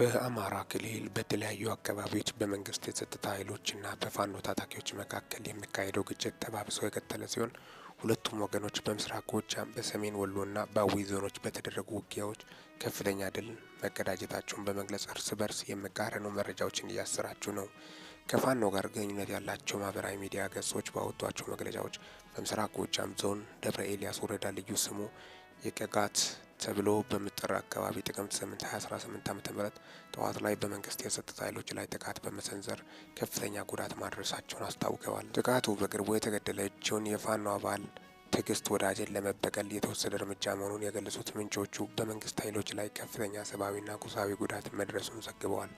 በአማራ ክልል በተለያዩ አካባቢዎች በመንግስት የጸጥታ ኃይሎችና በፋኖ ታጣቂዎች መካከል የሚካሄደው ግጭት ተባብሶ የቀጠለ ሲሆን ሁለቱም ወገኖች በምስራቅ ጎጃም፣ በሰሜን ወሎና በአዊ ዞኖች በተደረጉ ውጊያዎች ከፍተኛ ድል መቀዳጀታቸውን በመግለጽ እርስ በርስ የሚቃረኑ መረጃዎችን እያሰራጩ ነው። ከፋኖ ጋር ግንኙነት ያላቸው ማህበራዊ ሚዲያ ገጾች ባወጧቸው መግለጫዎች በምስራቅ ጎጃም ዞን ደብረ ኤልያስ ወረዳ ልዩ ስሙ የቀጋት ተብሎ በምጥር አካባቢ ጥቅምት 8 2018 ዓ ም ጠዋት ላይ በመንግስት የጸጥታ ኃይሎች ላይ ጥቃት በመሰንዘር ከፍተኛ ጉዳት ማድረሳቸውን አስታውቀዋል። ጥቃቱ በቅርቡ የተገደለችውን የፋኖ አባል ትዕግስት ወዳጅን ለመበቀል የተወሰደ እርምጃ መሆኑን የገለጹት ምንጮቹ በመንግስት ኃይሎች ላይ ከፍተኛ ሰብአዊና ቁሳዊ ጉዳት መድረሱን ዘግበዋል።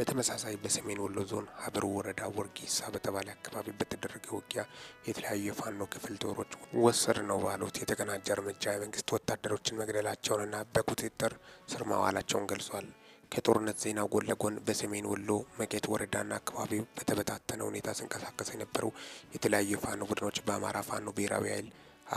በተመሳሳይ በሰሜን ወሎ ዞን ሀብሩ ወረዳ ወርጌሳ በተባለ አካባቢ በተደረገ ውጊያ የተለያዩ የፋኖ ክፍል ጦሮች ወሰድ ነው ባሉት የተቀናጀ እርምጃ የመንግስት ወታደሮችን መግደላቸውንና በቁጥጥር ስር ማዋላቸውን ገልጿል። ከጦርነት ዜና ጎን ለጎን በሰሜን ወሎ መቄት ወረዳና አካባቢው በተበታተነ ሁኔታ ሲንቀሳቀስ የነበሩ የተለያዩ የፋኖ ቡድኖች በአማራ ፋኖ ብሔራዊ ኃይል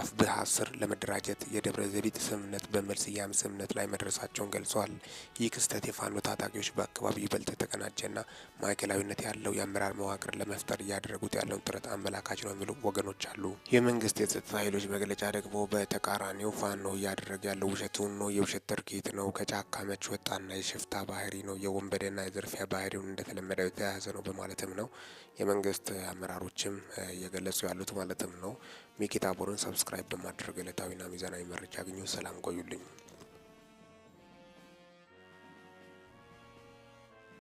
አፍብሃ አስር ለመደራጀት የደብረ ዘቢት ስምምነት በሚል ስያሜ ስምምነት ላይ መድረሳቸውን ገልጸዋል። ይህ ክስተት የፋኖ ታጣቂዎች በአካባቢው ይበልጥ የተቀናጀና ማዕከላዊነት ያለው የአመራር መዋቅር ለመፍጠር እያደረጉት ያለውን ጥረት አመላካች ነው የሚሉ ወገኖች አሉ። የመንግስት የጸጥታ ኃይሎች መግለጫ ደግሞ በተቃራኒው ፋኖ እያደረገ ያለው ውሸቱን ነው፣ የውሸት ድርጊት ነው፣ ከጫካ መች ወጣና የሽፍታ ባህሪ ነው፣ የወንበዴና የዘርፊያ ባህሪውን እንደተለመደው የተያያዘ ነው በማለትም ነው የመንግስት አመራሮችም እየገለጹ ያሉት ማለትም ነው ሚኪታቦርን ሰብ ሰብስክራይብ በማድረግ ዕለታዊና ሚዛናዊ መረጃ አግኙ። ሰላም ቆዩልኝ።